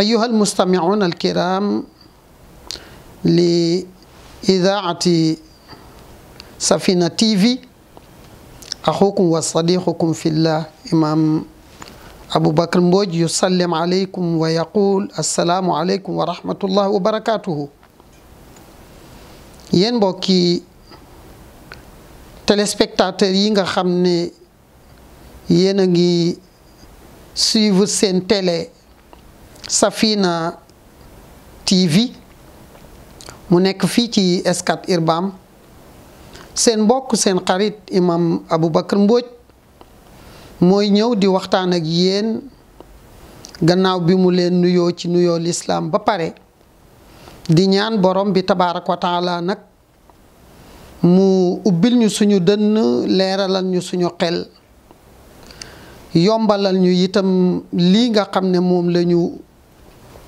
أيها المستمعون الكرام لإذاعة سفينة تيفي أخوكم وصديقكم في الله إمام أبو بكر مبوج يسلم عليكم ويقول السلام عليكم ورحمة الله وبركاته yéen mbokki téléspectateurs yi nga xam ne yéen a ngi suivre seen télé Safina TV mu nekk fii ci Scat Urbam seen mbokk seen xarit abu Aboubacar Mbodj mooy ñëw di waxtaan ak yéen gannaaw bi mu leen nuyoo ci nuyoo lislaam ba pare di ñaan borom bi tabaaraka wa nag mu ubbil ñu suñu dënn leeralal ñu suñu xel yombalal ñu itam lii nga xam ne moom lañu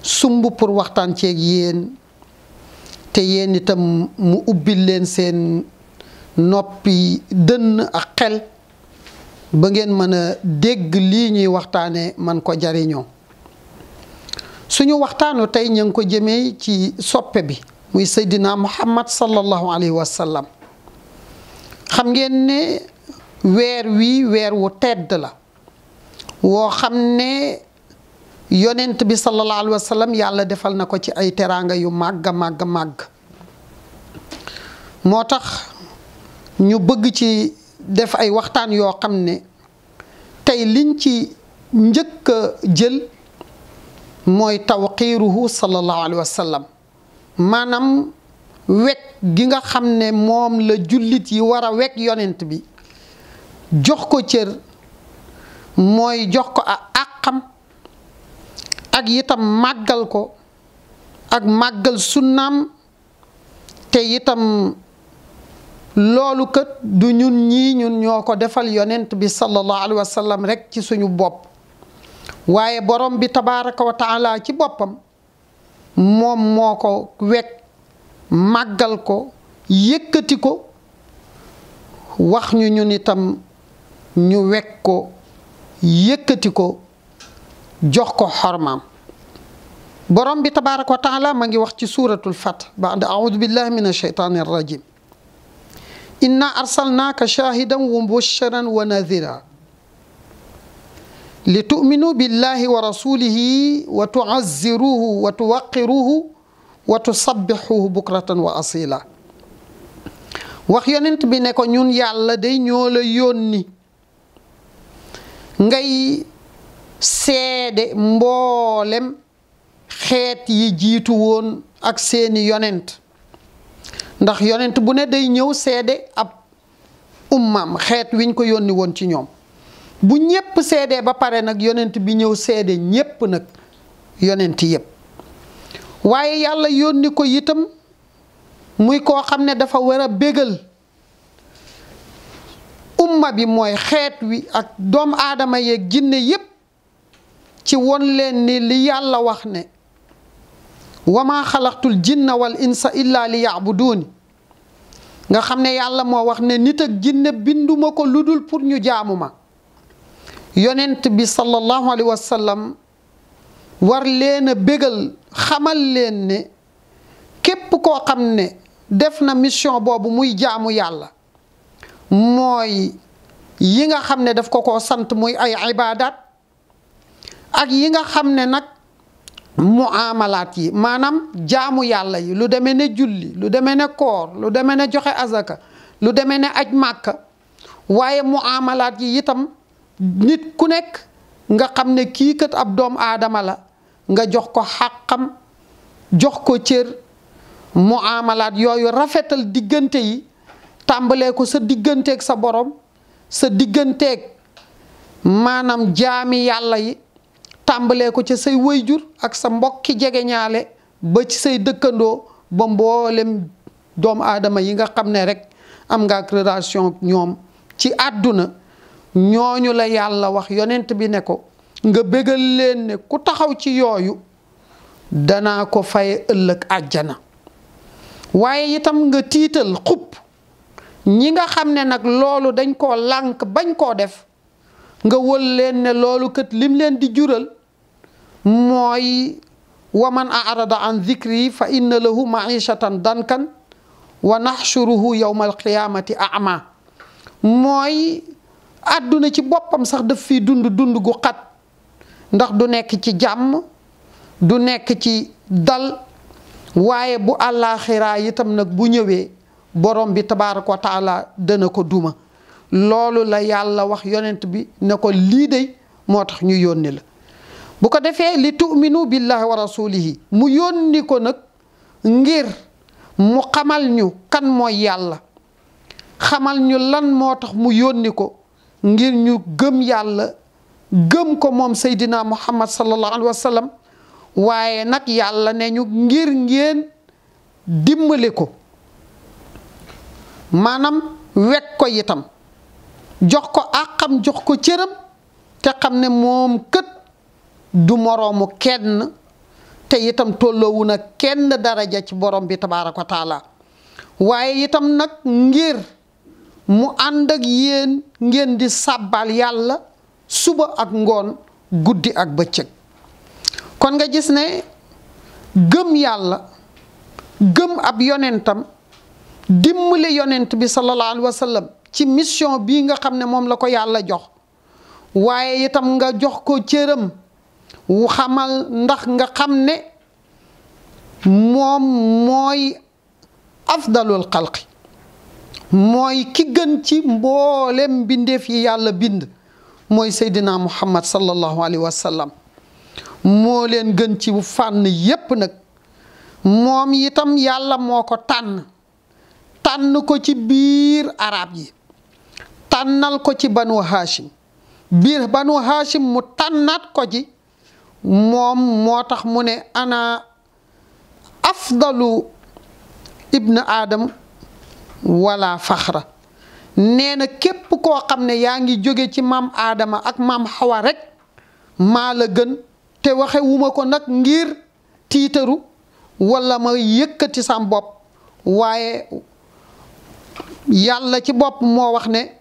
sumb pour waxtaan ceeg yéen te yéen itam mu ubbil leen seen noppi dënn ak xel ba ngeen mën a dégg lii ñuy waxtaane man ko jariñoo suñu waxtaanu tey ñu ngi ko jëmee ci soppe bi muy seydina muhammad sallallahu alayhi wa sallam xam ngeen ne weer wi weer wu tedd la woo xam ne yonent bi sallallahu alayhi wa yàlla defal na ko ci ay teraanga yu màgg màgg màgg moo tax ñu bëgg ci def ay waxtaan yoo xam ne tey liñ ci njëkk jël mooy taw sallallahu alayhi wa sallam maanaam wekk gi nga xam ne moom la jullit yi war a wekk yonent bi jox ko cër mooy jox ko a ak yitam màggal ko ak màggal sunnaam te itam loolu kat du ñun ñii ñun ñoo ko defal yonent bi sallallahu alayhi wa sallam ci suñu bopp waaye borom bi tabaraka wa ci boppam moom moo ko wekk màggal ko yëkkati ko wax ñu ñun itam ñu wekk ko yëkkati ko jox ko xormaam borom bi tabaaraka wa taala ma ngi wax ci suuratul fath ba'da a'uudu billahi min ashaytaani rajim inna arsalnaaka shaahidan wa mubashiran wa nadhira li tu'minu billahi wa rasulihi wa tu'azziruhu wa tuwaqqiruhu wa wa asila wax yonent bi ne ko ñun yàlla day ñoo la yónni ngay seede mboolem xeet yi jiitu woon ak seeni yonent ndax yonent bu ne day ñëw seede ab ummaam xeet wiñ ko yónni woon ci ñoom bu ñépp seedee ba pare nag yonent bi ñëw seede ñépp nag yonent yépp waaye yàlla yónni ko itam muy koo xam ne dafa war a bégal umma bi mooy xeet wi ak doom aadama yeeg jinne yépp ci won leen ni li yàlla wax ne wa maa xalaqtul jinna wal insa illa li yaabuduuni nga xam ne yàlla moo wax ne nit ak jinne binduma ko lu dul pour ñu jaamu ma yonent bi sallallahu alayhi wa sallam war leen a bégal xamal leen ne képp koo xam ne def na mission boobu muy jaamu yàlla mooy yi nga xam ne daf ko ko sant muy ay ibaadaat ak yi nga xam ne nag muamalaat yi maanaam jaamu yàlla yi lu deme ne julli lu deme ne koor lu deme ne joxe asaka lu deme ne aj màkka waaye muamalaat yi itam nit ku nekk nga xam ne kii kat ab doomu aadama la nga jox ko xàqam jox ko cër muamalaat yooyu rafetal diggante yi tàmbalee ko sa digganteek sa boroom sa digganteek maanaam jaami yàlla yi tàmbalee ko ca say wayjur ak sa mbokki jege ñaale ba ci say dëkkandoo ba mboolem doomu aadama yi nga xam ne rek am nga ak relation ñoom ci àdduna ñooñu la yàlla wax yonent bi ne ko nga bégal leen ne ku taxaw ci yooyu danaa ko faye ëllëg àjjana waaye itam nga tiital xub ñi nga xam ne nag loolu dañ koo lànk bañ koo def nga wël leen ne loolu kat lim leen di jural mooy waman arada an dhikri fa inna lahu maishatan dankan wa nahshuruhu yawma alqiyamati ama mooy àdduna ci boppam sax daf fi dund dund gu xat ndax du nekk ci jàmm du nekk ci dal waaye bu àllaaxiraa itam nag bu ñëwee borom bi tabaaraka wa taala dana ko duma loolu la yàlla wax yonent bi ne ko lii dey moo tax ñu yónni la bu ko defee li tu'minu billahi wa rasulihi mu yónni ko nag ngir mu xamal ñu kan mooy yàlla xamal ñu lan moo tax mu yónni ko ngir ñu gëm yàlla gëm ko moom seydina muhammad sallallahu alayhi wa waaye nag yàlla ne ñu ngir ngeen dimbali ko maanaam wekk ko yitam jox ko àqam jox ko cëram te xam ne moom kët du moroomu kenn te itam tolloowu na kenn daraja ci boroom bi tabaaraka wa waaye itam nag ngir mu ànd ak yéen ngeen di sàbbal yàlla suba ak ngoon guddi ak bëccëg kon nga gis ne gëm yàlla gëm ab yonentam dimbali yonent bi sallallahu alayhi ci mission bi nga xam ne moom la ko yàlla jox waaye itam nga jox ko cëram wu xamal ndax nga xam ne moom mooy afdalul xalqi mooy ki gën ci mboolem mbindeef yi yàlla bind mooy seydina muhammad sallallahu alayhi wa sallam moo leen gën ci fànn yépp nag moom itam yàlla moo ko tànn tànn ko ci biir arab yi tànnal ko ci banu haashim biir banu haashim mu tànnaat ko ci moom moo tax mu ne ana afdalu ibnu aadam wala faxra neena képp koo xam ne yaa ngi jóge ci maam aadama ak maam xawa rekk maa la gën te waxewuma ko nag ngir tiitaru walla ma yëkkati sam bopp waaye yàlla ci bopp moo wax ne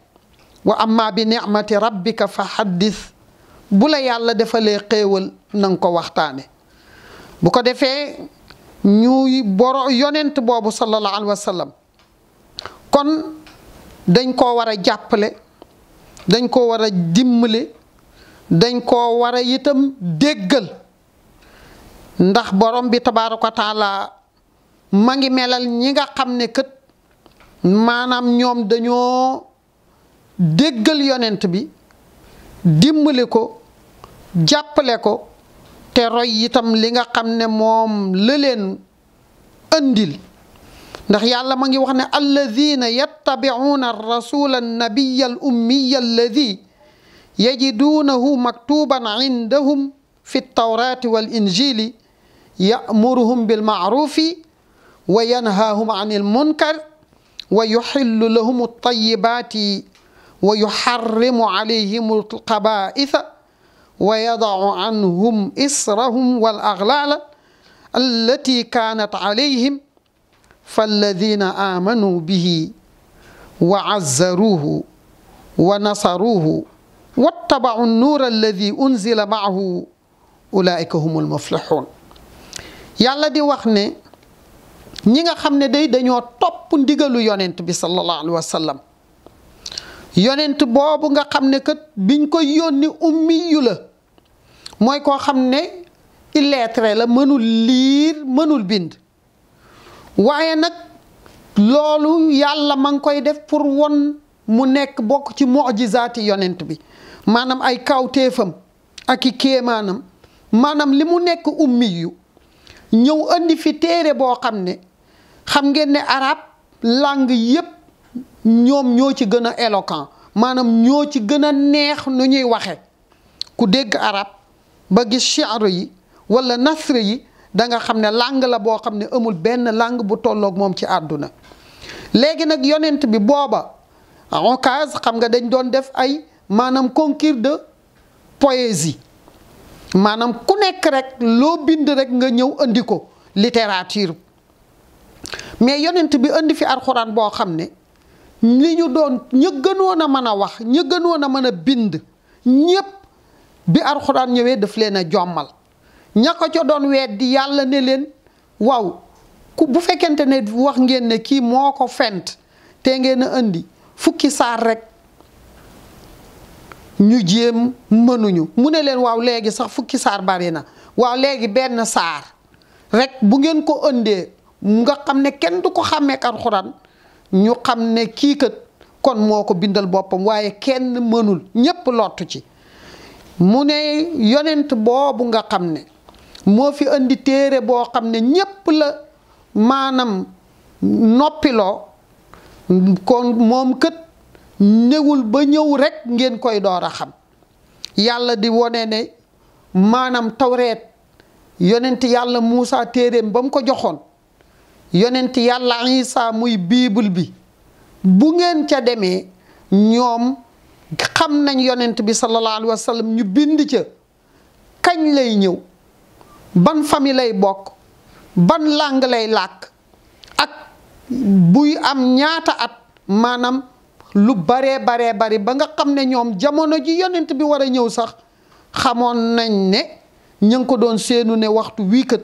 wa amma bi nicmati rabbika fa xaddis bu la yàlla defalee xéewal na nga ko waxtaane bu ko defee ñu boro yonent boobu sallallahu alayhi wa kon dañ koo war a jàppale dañ koo war a dimbale dañ koo war a itam déggal ndax borom bi tabaaraka taala ma ngi melal ñi nga xam ne kët maanaam ñoom dañoo déggal yonent bi dimbale ko jàppale ko te roy itam li nga xam ne moom la leen andil ndax yàlla ma ngi wax ne alladina yattabicuuna arrasula annabiya al ummiya alladi yajiduunahu maktuban indahum fi ltawrati wal injili yamuruhum bilmacrufi wa yanhaahum an ilmunkar wa yuxillu lahum altayibaati wa yuxarrimu calayhim alqabaa'itha ويضع عنهم إصرهم والأغلال التي كانت عليهم فالذين آمنوا به وعزروه ونصروه واتبعوا النور الذي أنزل معه أولئك هم المفلحون يالا دي وخني نيغا nga xam ne day dañoo topp بي صلى الله عليه وسلم wa sallam yonent boobu nga xam ne kat biñ mooy koo xam ne illettré la mënul liir mënul bind waaye nag loolu yàlla ma ngi koy def pour won mu nekk bokk ci mojizaati yonent bi maanaam ay kawteefam ak i kéemaanam maanaam li mu nekk ummi yu ñëw andi fi téere boo xam ne xam ngeen ne arab langue yépp ñoom ñoo ci gën a éloquent maanaam ñoo ci gën a neex nu ñuy waxe ku dégg arab ba gis chiaro yi wala nasre yi da nga xam ne làng la boo xam ne amul benn làng bu tollook moom ci àdduna léegi nag yonent bi booba Okaz xam nga dañ doon def ay maanaam concours de poésie maanaam ku nekk rek loo bind rek nga ñëw andi ko littérature mais yonent bi andi fi alxuraan boo xam ne li ñu doon ña gënoon a mën a wax ña gënoon a mën a bind ñépp bi alxuraan ñëwee daf leen a jommal ña ko ca doon weet di yàlla ne leen waaw ku bu fekkente ne wax ngeen ne kii moo ko fent te ngeen a indi fukki saar rekk ñu jéem mënuñu mu ne leen waaw léegi sax fukki saar bari na waaw léegi benn saar rek bu ngeen ko indee nga xam ne kenn du ko xàmmeek alxuraan ñu xam ne kii kat kon moo ko bindal boppam waaye kenn mënul ñépp lottu ci mu ne yonent boobu nga xam ne moo fi indi téere boo xam ne ñépp la maanaam noppiloo kon moom kët ñëwul ba ñëw rekk ngeen koy door a xam yàlla di wone ne maanaam tawreet yonent yàlla Muusa téereem ba mu ko joxoon yonent yàlla Isa muy biibul bi bu ngeen ca demee ñoom xam nañ yonent bi sallallahu alaihi wasallam ñu bind ci kañ lay ñew ban fami lay bok ban lang lay lak ak buy am ñaata at manam lu bare bare bare, ba nga xam ne jamono ji yonent bi wara ñew sax xamoon nañ ne ñang ko doon seenu ne waxtu wi keut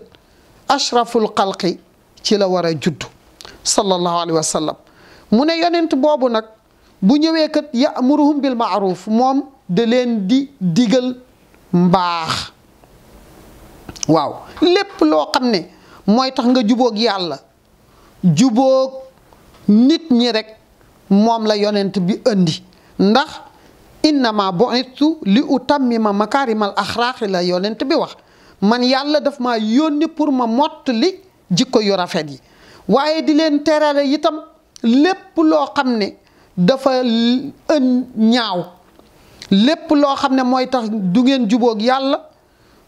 ashraful khalqi ci la wara judd sallallahu Alaihi Wasallam, mune yonent bobu nak bu ñëwee kat ya'muruhum bil ma'ruf mom de leen di digal mbax waaw lepp lo xamné moy tax nga jubok yalla jubok nit ñi rek mom la yonent bi indi ndax ma bu'ithu li utammima makarimal mal la yonent bi wax man yalla daf ma yoni pour ma motli jikko yu rafet yi waye di len terale itam lepp lo xamne dafa ën ñaaw lépp loo xam ne mooy tax du ngeen jubóog yàlla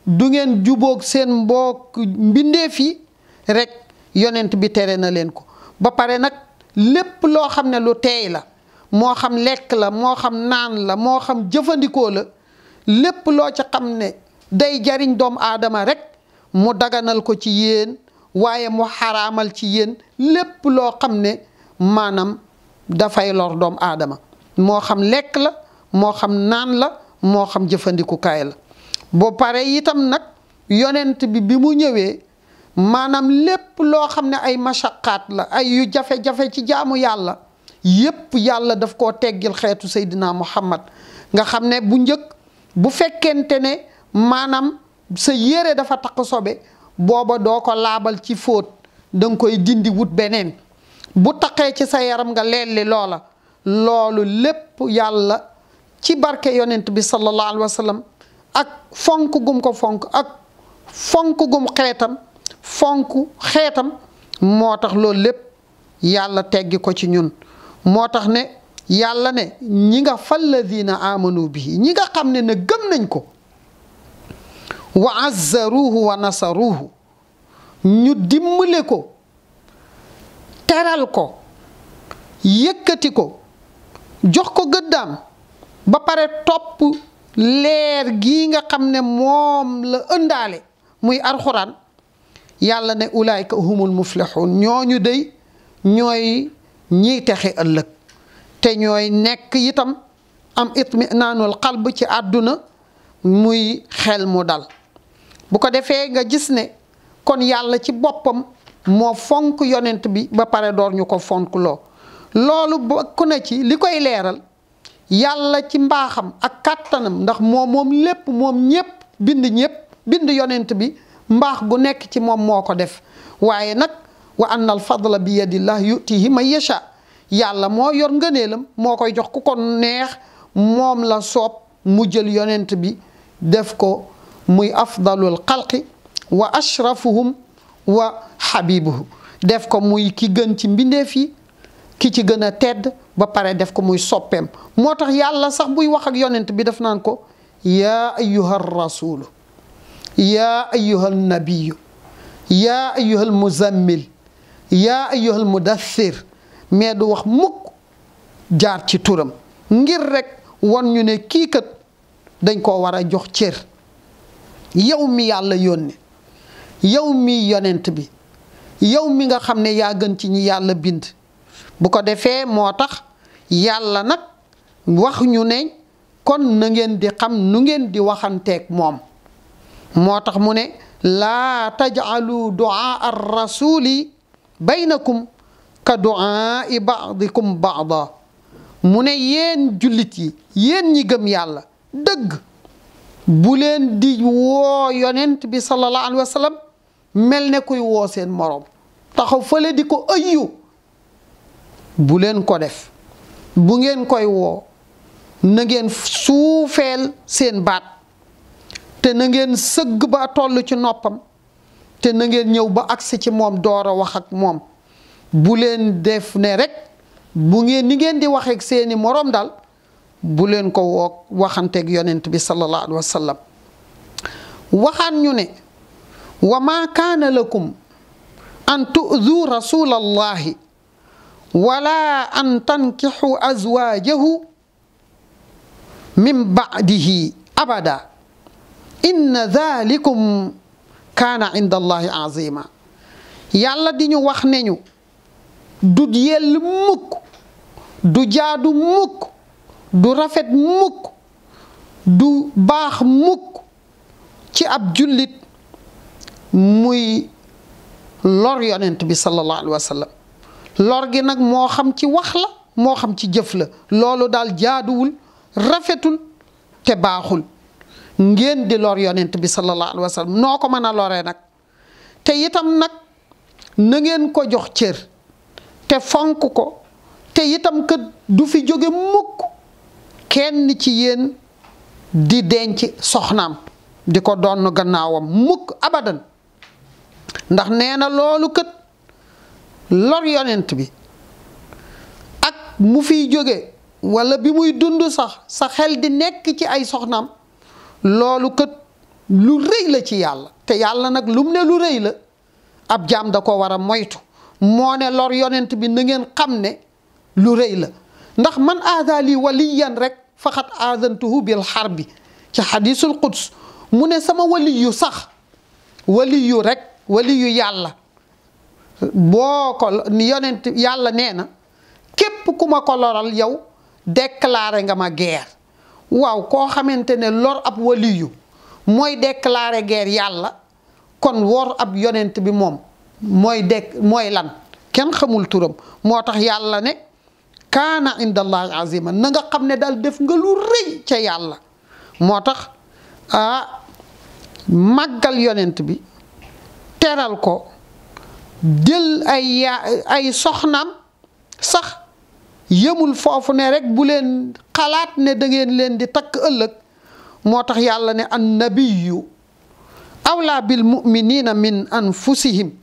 du ngeen jubóog seen mbokk mbindeef yi rek yonent bi tere na leen ko ba pare nag lépp loo xam ne lu teey la moo xam lekk la moo xam naan la moo xam jëfandikoo la lépp loo ca xam ne day jariñ doomu aadama rekk mu daganal ko ci yéen waaye mu xaraamal ci yéen lépp loo xam ne maanaam dafay lor doom aadama moo xam lekk la moo xam naan la moo xam jëfandikukaay la boo pare itam nag yonent bi bi mu ñëwee maanaam lépp loo xam ne ay mashaqaat la ay yu jafe-jafe ci jaamu yàlla yépp yàlla daf koo teggil xeetu Seydina Muhammad nga xam ne bu njëkk bu fekkente ne maanaam sa yére dafa takk sobe booba doo ko laabal ci fóot danga koy dindi wut beneen bu taqee ci sa yaram nga lelli loola loolu lépp yàlla ci barke yonent bi sallallahu alayhi wa sallam ak fonk gum ko fonk ak fonk gum xeetam fonk xeetam moo tax loolu lépp yàlla teggi ko ci ñun moo tax ne yàlla ne ñi nga falladina amanu bi ñi nga xam ne ne gëm nañ ko wa azzaruhu wa nasaruhu ñu dimbale ko teral ko yëkkati ko jox ko gëddaam ba pare topp leer gi nga xam ne moom la ëndaale muy alxuraan yàlla ne ulaayka humul muflixuun ñooñu dey ñooy ñiy ëllëg te ñooy nekk itam am itminaanul xalb ci àdduna muy xel mu dal bu ko defee nga gis ne kon yàlla ci boppam mo fonk yonent bi ba pare dor ñu ko fonk lo lolu bokk na ci likoy leral yàlla ci mbaxam ak katanam ndax moom mom lépp mom ñépp bind ñépp bind yonent bi mbax gu nekk ci mom moko def waye nak wa anna al fadla bi yadillah yutihi may yasha yàlla mo yor ngeeneelam mo koy jox ku ko neex mom la sop mu jël yonent bi def ko muy afdalul khalqi wa ashrafuhum wa xabibuhu def ko muy ki gën ci mbinde fi ki ci gëna a tedd ba pare def ko muy soppeem motax yàlla sax buy wax ak yonent bi def nan ko ya ayyuhar rasul ya ayyuhan nabiyu ya ayyuhal muzammil ya ayyuhal mudaththir me du wax mukk jaar ci turam ngir rek won ñu ne ki kat dañ ko wara jox cër yow mi yàlla yónni yow mi yonent bi yow mi nga xamne ne gën ci ñi yalla bind bu ko defé motax yalla nak wax ñu ne kon na ngeen di xam nu ngeen di waxanteeg moom mom, tax mu ne tajalu du'a ar-rasuli bainakum ka du'a bacdikum bacda mu ne yeen yen yi yeen ñi gëm yalla deug bu len di wo yonent bi sallallahu alaihi wasallam mel na kuy woo seen moroom taxaw fële di ko ëyyu bu leen ko def bu ngeen koy woo na ngeen suufeel seen baat te na ngeen sëgg ba toll ci noppam te na ngeen ñëw ba agsi ci moom door a wax ak moom bu leen def ne rekk bu ngeen ni ngeen di waxeek seeni moroom dal bu leen ko woo waxanteeg yonent bi sallallahu alayhi wa sallam waxaan ñu ne وما كان لكم أن تؤذوا رسول الله ولا أن تنكحوا أزواجه من بعده أبدا إن ذلكم كان عند الله عظيما يالا دينو ñu دو ديال مك دو yell مك دو jaadu مك دو باخ مك تي أبجلت muy lor yonent bi sallallahu alayhi wa sallam lor gi nag moo xam ci wax la moo xam ci jëf la loolu daal jaaduwul rafetul te baaxul ngeen di lor yonent bi sallallahu alayhi wa sallam noo ko mën a loree nag te itam nag na ngeen ko jox cër te fonk ko te itam kat du fi jóge mukk kenn ci yéen di denc soxnaam di ko donn gannaawam mukk abadan ndax nee na loolu kët lor yonent bi ak mu fiy jóge wala bi muy dund sax sa xel di nekk ci ay soxnaam loolu kët lu rëy la ci yàlla te yàlla nag lum ne lu rëy la ab jaam da ko war a moytu moo ne lor yonent bi na ngeen xam ne lu rëy la ndax man aada lii waliyan rek faxat aadantuhu bil xar bi ci xadisul quds mu ne sama waliyu sax waliyu rek waliyu yàlla boo ko yonent yàlla nee na képp ku ma ko loral yow déclaré nga ma guerre waaw koo xamante ne lor ab waliyu mooy déclaré guerre yàlla kon wor ab yonent bi moom mooy dekk mooy lan kenn xamul turam moo tax yàlla ne kaana inda allahi azima na nga xam ne dal def nga lu rëy ca yàlla moo tax ah màggal yonent bi teral ko jël ay ya ay soxnaam sax yëmul foofu ne rekk bu leen xalaat ne dangeen leen di takk ëllëg moo tax yàlla ne annabiyu awlaa bil muminina min anfusihim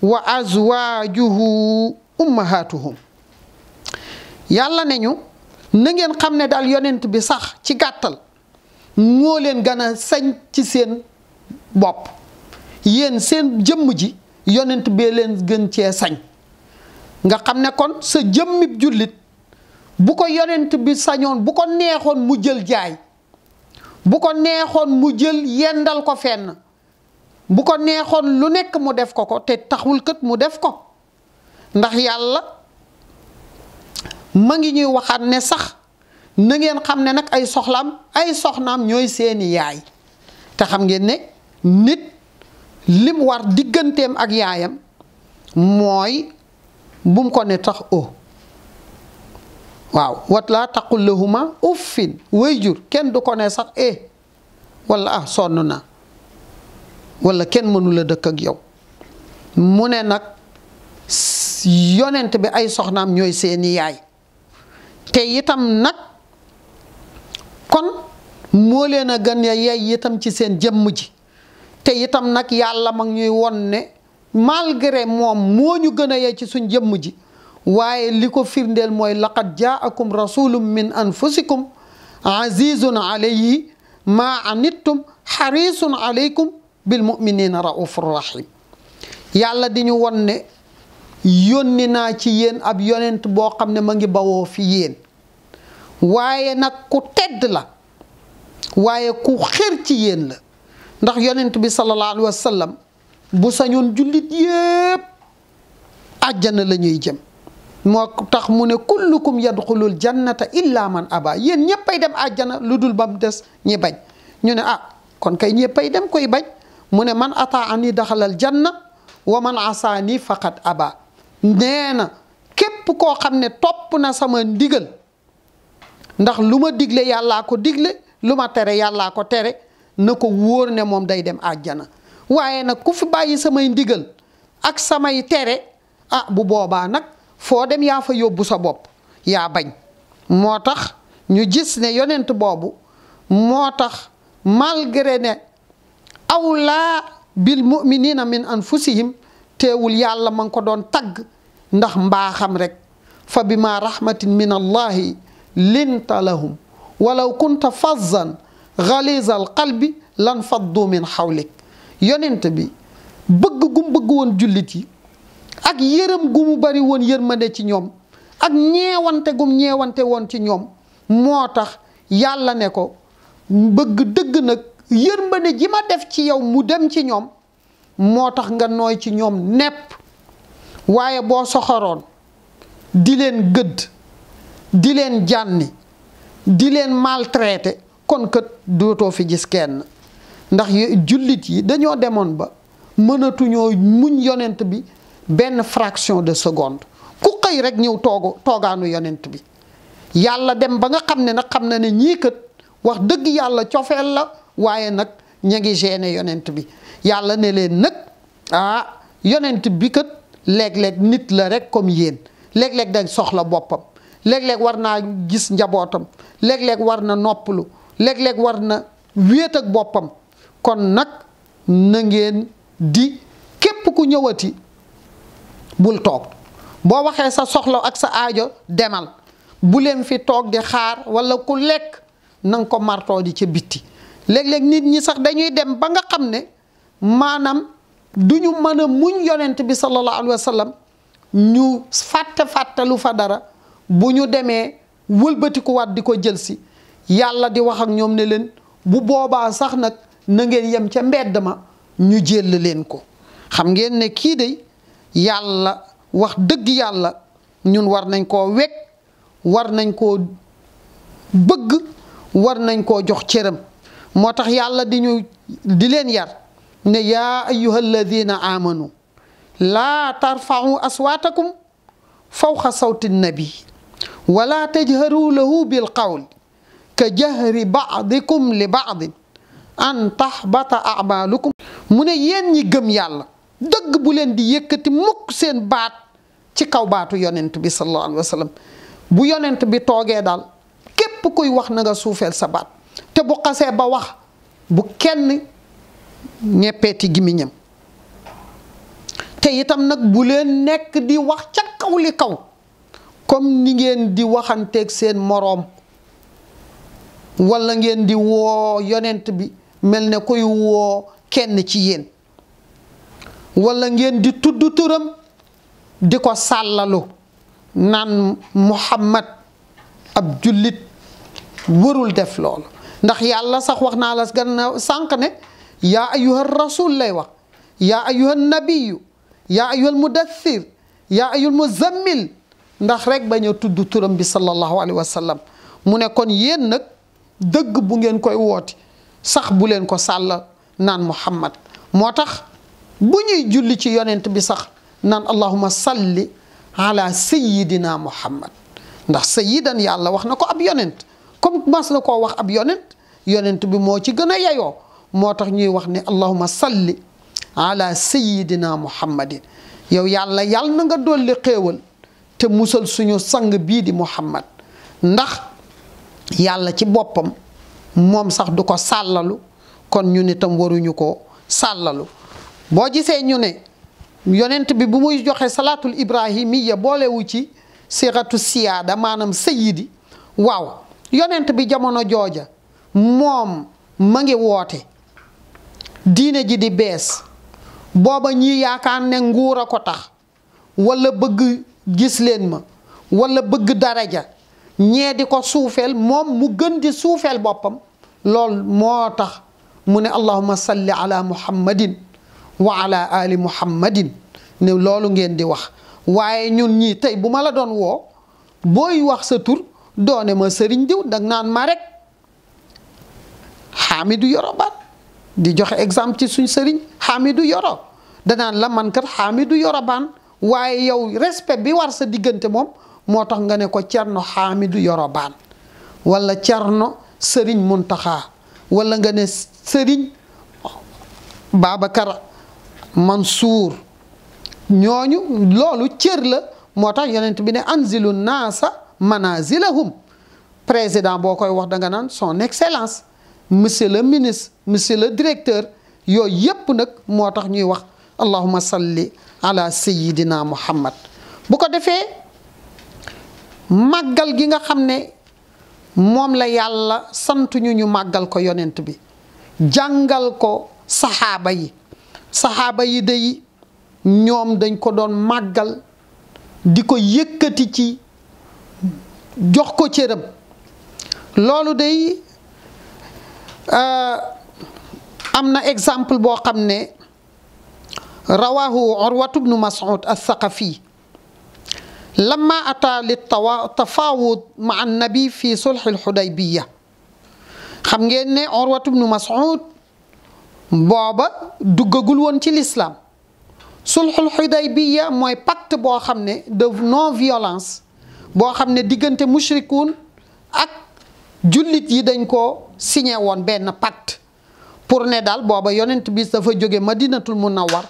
wa azwaajuhu ummahatuhum yàlla ne ñu na ngeen xam ne daal yonent bi sax ci gàttal moo leen gën a sañ ci seen bopp Yen sen jëm ji yonent be len gën ci sañ nga xamne kon sa jëmmib julit bu ko yonent bi sañon bu ko neexon mu jël jaay bu ko neexon mu jël yendal ko fenn bu ko neexon lu nekk mu def ko ko te taxul kët mu def ko ndax yalla ma ngi ñuy waxat ne sax na ngeen xamne ne ay soxlam ay soxnam ñoy seen yaay te xam ngeen ne nit lim war digganteem ak yaayam mooy bum ko ne tax o waaw wat laa taqul lahuma uffin wayjur kenn du ko ne sax e wala ah sonn na wala kenn mënula dëkk ak yow mu ne nag yonent bi ay soxnaam ñooy seeni yaay te itam nag kon moo leen a gën a yay ci seen jëmm ji te itam nag yàlla mag ñuy won ne malgré moom moo ñu gën a ci suñ jëmm ji waaye li ko firndeel mooy laqad jaakum rasulum min anfusikum azizun alayhi ma anittum xarisun alaykum bil muminina raufur rahim yàlla di ñu won ne yónni naa ci yéen ab yonent boo xam ne ma ngi bawoo fi yéen waaye nag ku tedd la waaye ku xër ci yéen la ndax yonent bi sallallahu alaihi wasallam bu sañon julit yeb aljana lañuy jëm mo tax mu ne kullukum yadkhulul jannata illa man aba yen ñeppay dem aljana ludul bam dess des ñi bañ ñu ne ah kon kay ñeppay dem koy bañ mu ne man ataani dakhalal janna wa man asani faqat aba neena kep ko xamne top na sama ndigal ndax luma diglé digle ko digle luma téré yalla ko téré na ko wóor ne moom day dem àjjana waaye nag ku fi bàyyi samay ndigal ak samay tere ah bu boobaa nag foo dem yaa fa yóbbu sa bopp yaa bañ moo tax ñu gis ne yonent boobu moo tax malgré ne awlaa bil muminina min anfusihim teewul yàlla ma ngi ko doon tagg ndax mbaaxam rekk fa bima rahmatin min allahi linta lahum walaw kunta fazzan xal bi lan faddu min xawlik yonent bi bëgg gum bëgg woon jullit yi ak yërëm gu mu bari woon yërmande ci ñoom ak ñeewante gum ñeewante woon ci ñoom moo tax yàlla ne ko bëgg dëgg nag yërmande ji ma def ci yow mu dem ci ñoom moo tax nga nooy ci ñoom nepp waaye boo soxoroon di leen gëdd di leen jànni di leen maltraité kon kat dootoo fi gis kenn ndax jullit yi dañoo demoon ba mënatuñoo muñ yonent bi benn fraction de seconde ku xëy rek ñëw toogu toogaanu yonent bi yàlla dem ba nga xam ne nag xam na ne ñii kat wax dëgg yàlla cofeel la waaye nag ña ngi gêné yonent bi yàlla ne leen nag ah yonent bi kët léeg-léeg nit la rek comme yéen léeg-léeg dañ soxla boppam léeg-léeg war naa gis njabootam léeg-léeg war na noppalu léeg-léeg war na wéet ak boppam kon nag na ngeen di képp ku ñëwati bul toog boo waxee sa soxla ak sa aajo demal bu leen fi toog di xaar walla ku lekk na ko martoo di ca bitti léeg-léeg nit ñi sax dañuy dem ba nga xam ne maanaam du ñu mën a muñ yonent bi sallallahu alayhi wa sallam ñu fàtte fàtte fa dara bu ñu demee wëlbatikuwaat di ko jëlsi yàlla di wax ak ñoom ne leen bu boobaa sax nag na ngeen yem ca mbedd ma ñu jël leen ko xam ngeen ne kii de yàlla wax dëgg yàlla ñun war nañ koo wekk war nañ koo bëgg war nañ koo jox cëram moo tax yàlla di ñu di leen yar ne yaa ayuha alladina amanu laa tarfau aswaatakum fawqa sawti nabi wala tajharu lahu bil qawl ka jahri baadikum li baadin an tahbata amaalukum mu ne yéen ñi gëm yàlla dëgg bu leen di yëkkati mukk seen baat ci kaw baatu yonent bi sallallahu alayhi bu yonent bi toogee daal képp koy wax na nga suufeel sa baat te bu xasee ba wax bu kenn ñeppeeti gimiñam te itam nag bu leen nekk di wax ca kaw li kaw comme ni ngeen di waxanteek seen moroom wala ngeen di wo yonent bi melne koy wo kenn ci yéen wala ngeen di tuddu turam diko salalu nan muhammad ab julit warul def loolu ndax yàlla sax waxna las la sank ne ya ayuha rasul lay wax ya ayuha nabiyu yaa ayuha mudathir yaa ayuha muzammil ndax rek baña tuddu turam bi sallallahu alaihi wasallam mu ne kon yéen nak deug bu ngeen koy woti sax bu len ko sàll nan muhammad motax tax bu ñuy julli ci yonent bi sax nan allahumma salli ala sayyidina muhammad ndax sayidan yàlla wax na ko ab yonent comme mas na koo wax ab yonent yonent bi mo ci gëna yayo motax ñuy wax ni allahumma salli ala sayidina muhammadin yow yàlla yàlla na nga dolli xéewal te musal suñu sang bii di muhammad ndax yàlla ci boppam moom sax du ko sàllalu kon ñu nitam waruñu ko sàllalu boo gisee ñu ne yonent bi bu muy joxe salaatul ibrahimiya boolewu ci siratu siyaada maanaam sayidi waaw yonent bi jamono jooja moom ma ngi woote diine ji di bees booba ñii yaakaar ne nguur a ko tax walla bëgg gis leen ma walla bëgg daraja ñee di ko suufeel moom mu gën di suufeel boppam lool moo tax mu ne allahuma salli ala muhammadin wa ala ali muhammadin ne loolu ngeen di wax waaye ñun ñii tey bu ma la doon woo booy wax sa tur doone ma sëriñ diw dag naan ma rek xaamidu yoro baat di joxe exemple ci suñ sëriñ xaamidu yoro danaan la man kat xaamidu yoro baan waaye yow respect bi war sa diggante moom motax nga ne ko cerno Hamidu Yoroban, wala cerno Serin muntaha wala nga ne serigne babakar mansour ñooñu lolu cër la motax yonent bi ne anzilu NASA, manazilahum président bokoy wax da nga nan son excellence monsieur le ministre monsieur le directeur yo yep nak motax ñuy wax allahumma salli ala Sayyidina muhammad bu ko defee màggal gi nga xam ne moom la yàlla santuñu ñu màggal ko yonent bi jàngal ko saxaaba yi saxaaba yi day ñoom dañ ko doon màggal di ko yëkkati ci jox ko cëram loolu day euh, am na exemple boo xam ne rawahu urwatu bnu mas'ud as-saqafi لما أتى للتفاوض مع النبي في صلح الحديبية خمجيني عروة بن مسعود بابا دوغغلون تي الإسلام صلح الحديبية موي باكت بوا خمني دو نو فيولانس بوا خمني ديغنت مشركون أك جلت يدنكو سينيوان بين باكت pour ne dal bobu yonent bi dafa joge madinatul munawwar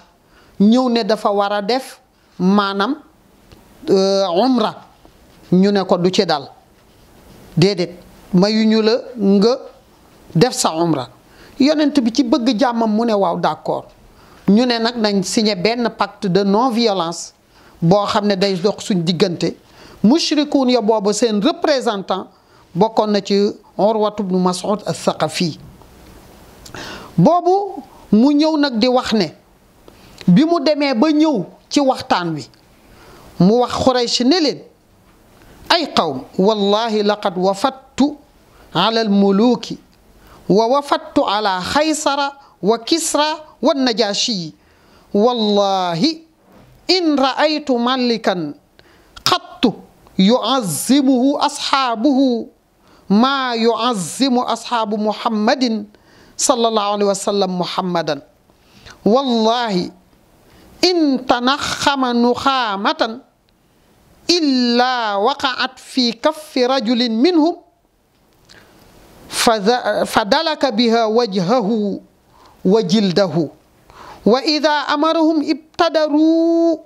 ñew ne dafa wara def manam Euh, umra ñu ne ko du ci dal déedéet mayuñu la nga def sa umra yonent bi ci bëgg jàmmam mu ne waaw d'accord ñu ne nag nañ signé benn pacte de non violence boo xam ne day dox suñ diggante mushrikuun ya boobu seen représentant bokkoon na ci Urwatu bnu Mas'ud as-Saqafi boobu mu ñëw nag di wax ne bi mu demee ba ñëw ci waxtaan wi موخ خريش نلين أي قوم والله لقد وفدت على الملوك ووفدت على خيصر وكسرى والنجاشي والله إن رأيت ملكا قط يعظمه أصحابه ما يعظم أصحاب محمد صلى الله عليه وسلم محمدا والله إن تنخم نخامةً إلا وقعت في كف رجل منهم فدلك بها وجهه وجلده وإذا أمرهم ابتدروا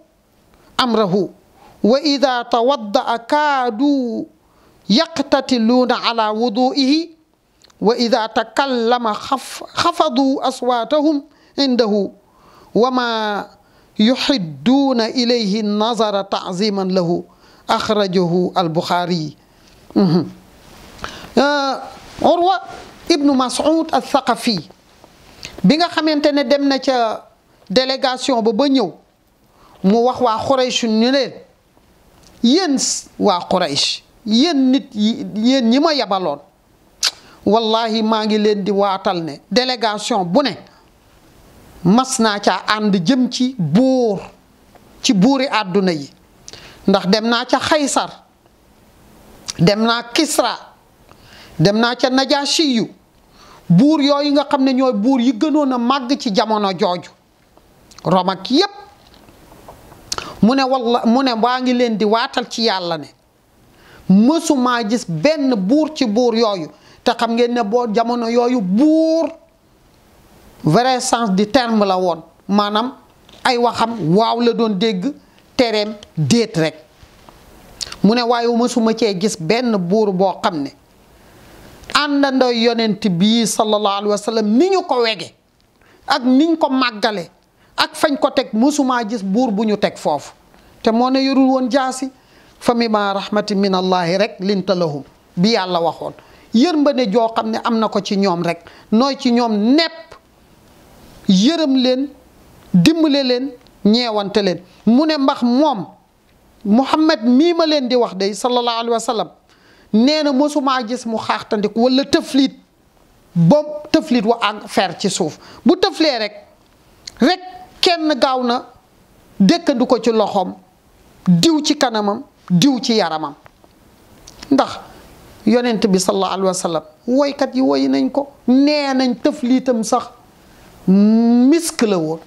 أمره وإذا توضأ كادوا يقتتلون على وضوئه وإذا تكلم خف خفضوا أصواتهم عنده وما يحدون إليه النظر تعظيما له أخرجه البخاري آه، عروة ابن مسعود الثقفي بيغا خمينتين دمنا تا ديليغاسيون بو مو واخ وا قريش نيل وا قريش يين نيت يين نيما يابالون والله ماغي لين دي واتال ني ديليغاسيون بو mas naa caa ànd jëm ci buur ci buuri àdduna yi ndax dem naa ca xaysar dem naa kisra dem naa ca najaasiyu buur yooyu nga xam ne ñooy buur yi gënoon a màgg ci jamono jooju Rome yépp mu ne walla waa ngi leen di waatal ci yàlla ne mësumaa gis benn buur ci buur yooyu te xam ngeen ne boo jamono yooyu buur vrai sens du terme la woon maanaam ay waxam waaw la doon dégg tereem déet rek mu ne waaye mësuma cee gis benn buur boo xam ne àndandoo yonent bii sallallahu alayhi wa sallam ni ñu ko wege ak niñ ko màggale ak fañ ko teg mësumaa gis buur bu ñu teg foofu te moo ne yorul woon jaasi fa mi ma rahmati min rek linta bi yàlla waxoon yërmande joo xam ne am na ko ci ñoom rek nooy ci ñoom nepp yërëm leen dimbale leen ñeewante leen mu ne mbax moom Muhammad mii ma leen di wax day sallallahu alayhi wa sallam nee na mosumaa gis mu xaaxtandiku walla tëflit ba tëflit wa ak fer ci suuf bu tëflee rek rekk kenn gaaw na dëkkandu ko ci loxoom diw ci kanamam diw ci yaramam ndax yonent bi sallallahu alayhi wa sallam woykat yi woy nañ ko nee nañ sax misk la woon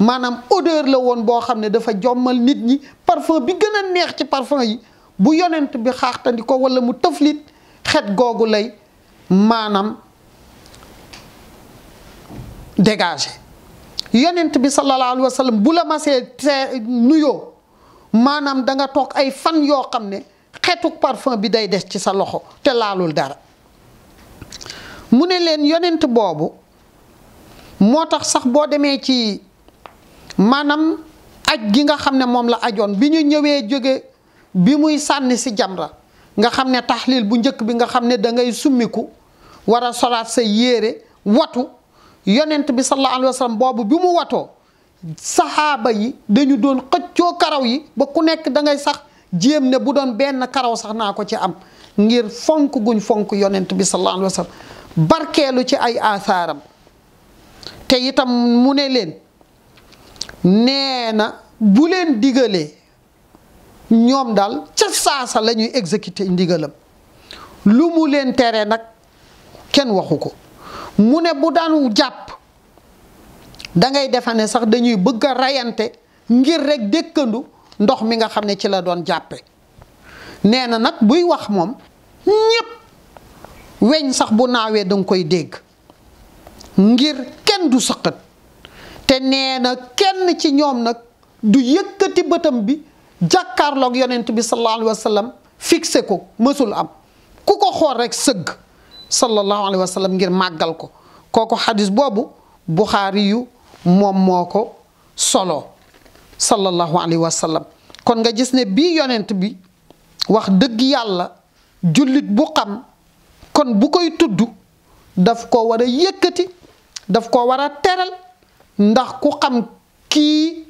maanaam odeur la woon boo xam ne dafa jommal nit ñi parfum bi gën a neex ci parfum yi bu yonent bi xaaxtandi ko wala mu tëflit xet googu lay maanaam dégagé yonent bi sallallahu alayhi wa sallam bu la masee te nuyoo maanaam danga toog ay fan yoo xam ne xetuk parfum bi day des ci sa loxo te laalul dara mu ne leen yonent boobu moo tax sax boo demee ci maanaam aj gi nga xam ne moom la ajoon bi ñu ñëwee jóge bi muy sànni si jamra nga xam ne taxlil bu njëkk bi nga xam ne da ngay summiku war a solaat sa yére watu yonent bi sallallahu alayhi wa sallam boobu bi mu watoo saxaaba yi dañu doon xëccoo karaw yi ba ku nekk da ngay sax jéem ne bu doon benn karaw sax naa ko ci am ngir fonk guñ fonk yonent bi sallallahu alayhi wa sallam barkeelu ci ay aasaaram te itam mu ne leen nee na bu leen digalee ñoom daal ca saasa la ñuy exécuter ndigalam lu mu leen tere nag kenn waxu ko mu ne bu daan jàpp dangay defa ne sax dañuy bëgg a reyante ngir rekk dëkkandu ndox mi nga xam ne ci la doon jàppe nee na nag buy wax moom ñépp weñ sax bu naawee danga koy dégg ngir ken du sëqat te neena ken ci ñom nak du yëkëti bëtam bi jàkkaarloog yonent bi sallallahu alaihi wa fixé ko mësul am ku ko xor rek seug sallallahu alaihi wa ngir magal ko koko hadith buabu bukhari yu mom moko ko solo sallallahu alaihi wasallam kon nga gis ne bi yonent bi wax deug yalla julit bu xam kon bu koy tuddu daf ko wara yëkëti daf ko war a teral ndax ku xam kii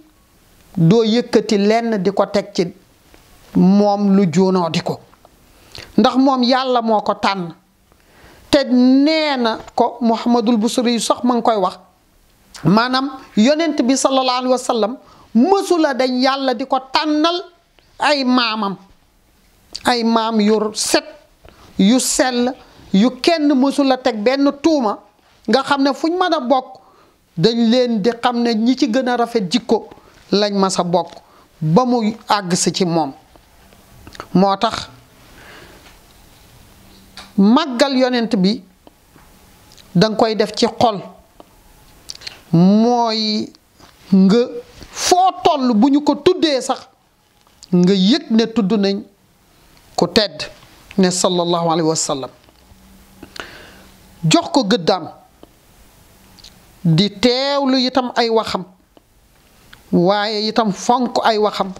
doo yëkkati lenn di ko teg ci moom lu juunoo di ko ndax moom yàlla moo ko tànn te nee na ko Muhammadul Busiri yu sax ma ngi koy wax maanaam yonent bi sallallahu wa sallam mësula dañ yàlla di ko tànnal ay maamam ay maam yu set yu sell yu kenn mësula teg benn tuuma nga xam ne fuñ mën a bokk dañ leen di xam ne ñi ci gën a rafet jikko lañ ma sa bokk ba mu àgg si ci moom moo tax màggal yonent bi danga koy def ci xol mooy nga foo toll bu ñu ko tuddee sax nga yëg ne tudd nañ ku tedd ne sallallahu alayhi wa sallam jox ko gëddaam di tewlu itam ay waxam waye itam fonk ay waxam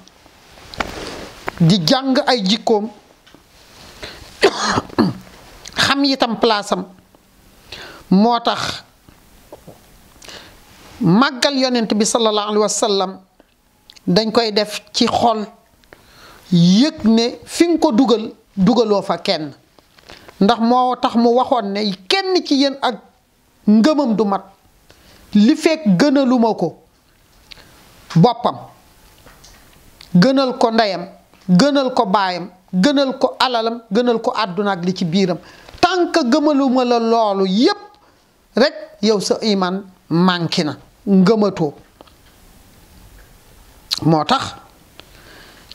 di jang ay jikom xam itam plasam, motax magal yonent bi sallallahu alaihi wasallam sallam dañ koy def ci xol yek ne fiñ ko dugal dugaloo fa kenn ndax mo tax mu waxone kenn ci yeen ak ngeumam du mat li fekk gënaluma ko boppam gënal ko ndeyam gënal ko baayam gënal ko alalam gënal ko àdduna ak li ci biiram tant que gëmaluma la loolu yépp rek yow sa iman manqué na ngëmatoo moo tax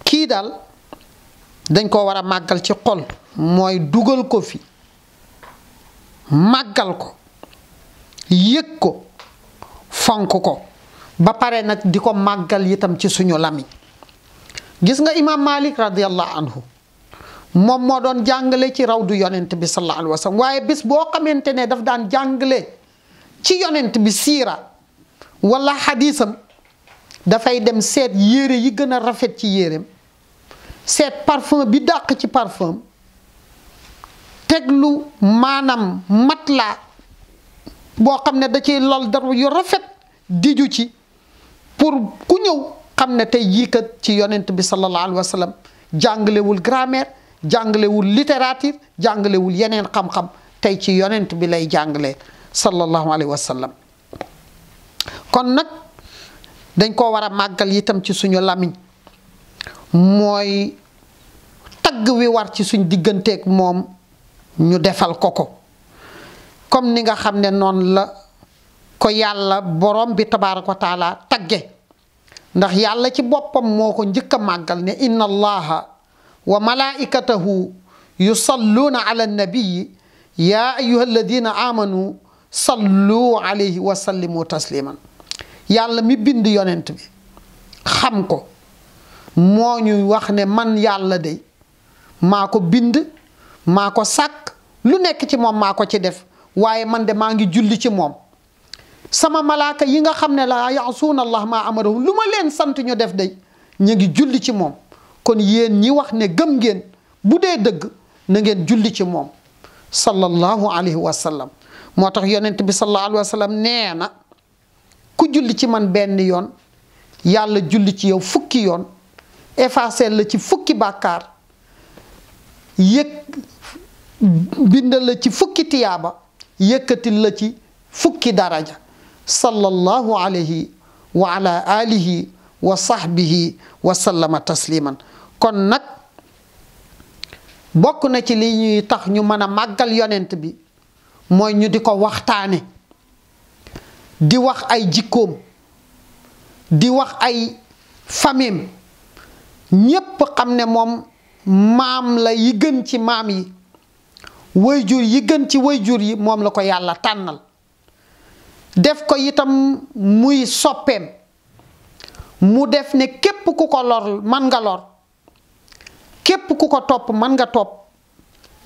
kii daal dañ ko war a màggal ci xol mooy dugal ko fi màggal ko yëg ko fonk ko ba pare nak diko magal yitam ci suñu lami gis nga imam malik radiyallahu anhu mom mo don jangale ci rawdu yonent bi sallallahu alaihi wasallam waye bis buakam xamantene daf dan jangale ci yonent bi sira wala da fay dem set yere yi gëna rafet ci yere set parfum bi dàq ci parfum teglu manam matla, buakam xamne da ci lol dar yu rafet diju ci pour ku ñëw xam ne tey yii ci yonent bi sallallahu alayhi wa sallam jàngalewul grammaire jàngalewul littérature jàngalewul yeneen xam-xam tey ci yonent bi lay jàngale sallallahu alayhi wa sallam kon nag dañ koo war a màggal itam ci suñu làmmiñ mooy tagg wi war ci suñ digganteek moom ñu defal ko ko comme ni nga xam ne noonu la ko yàlla borom bi tabaaraka wa taala tagge ndax yàlla ci boppam moo ko njëkk a màggal ne inna allaha wa malaikatahu yusalluuna ala nabii yaa ayuha alladina amanu sallu alayhi wa sallimu tasliman yàlla mi bind yonent bi xam ko moo ñu wax ne man yàlla de maa ko bind maa ko sàkk lu nekk ci moom maa ko ci def waaye man de maa ngi julli ci moom sama malaaka yi nga xam ne laa yaasuuna allah ma amarahum lu ma leen sant ñu def day ñu julli ci moom kon yéen ñi wax ne gëm ngeen bu dee dëgg na ngeen julli ci moom sallallahu alayhi wa sallam moo tax yonent bi sallallahu alayhi wa nee na ku julli ci man benn yoon yàlla julli ci yow fukki yoon effacé la ci fukki bàkkaar yëg bindal la ci fukki tiyaaba yëkkatil la ci fukki daraja sallallahu alayhi wa ala alihi wa sahbihi wa sallama tasliman kon nag bokk na ci li ñuy tax ñu mën a màggal yonent bi mooy ñu di ko waxtaane di wax ay jikkoom di wax ay famim ñépp xam ne moom maam la yi ci maam yi wayjur yi gën ci wayjur yi moom la ko yàlla tànnal def ko itam muy soppeem mu def ne képp ku ko lor man nga lor képp ku ko topp man nga topp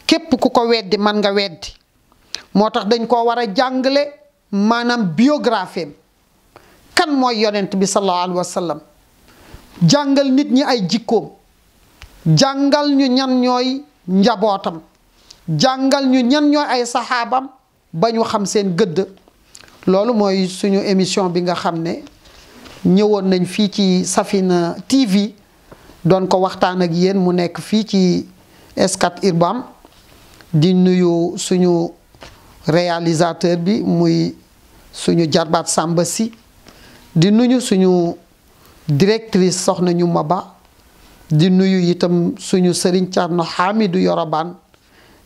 képp ku ko weddi man nga weddi moo tax dañ koo war a jàngale maanaam biographiam kan mooy yonent bi sallallahu alayhi wa jàngal nit ñi ay jikkoom jàngal ñu ñan ñooy njabootam jàngal ñu ñan ñooy ay saxaabam ba ñu xam seen gëdd lolu moy suñu émission bi nga xamné ñëwon nañ fi ci Safina TV don ko waxtaan ak yeen mu nekk fi ci s4 Urbam di nuyu suñu réalisateur bi muy suñu jarbat Samba Si di nuyu suñu directrice soxna ñu maba, di nuyu itam suñu serigne Thierno Hamidou Yoroban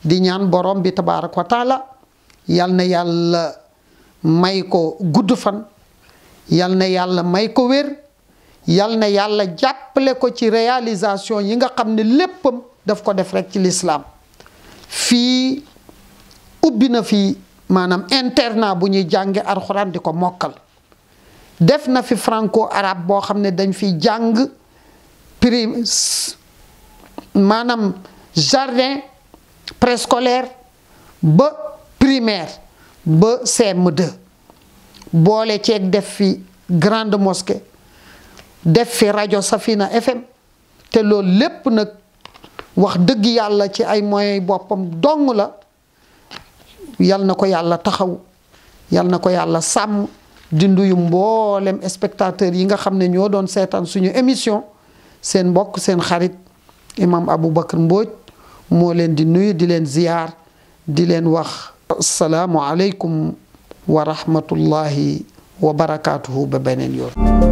di ñaan borom bi tabaaraka taala yal yalla may ko gudd fan yal na yàlla may ko wér yal na yàlla jàppale ko ci réalisation yi nga xam ne léppam daf ko def rekk ci lislaam fii ubbi na fi maanaam internat bu ñuy jànge alxuraan di ko mokkal def na fi franco arabe boo xam ne dañ fi jàng prime maanaam jardin préscolaire ba primaire ba CM2 boole ceeg def fi grande mosquée def fi rajo Safina FM te loolu lépp nag wax dëgg yàlla ci ay moyens boppam dong la yal na ko yàlla taxaw yal na ko yàlla sàmm di nuyu mboolem spectateur yi nga xam ne ñoo doon seetaan suñu émission seen mbokk seen xarit imam Aboubacar Mbodj moo leen di nuyu di leen ziyaar di leen wax السلام عليكم ورحمه الله وبركاته ببنين يوم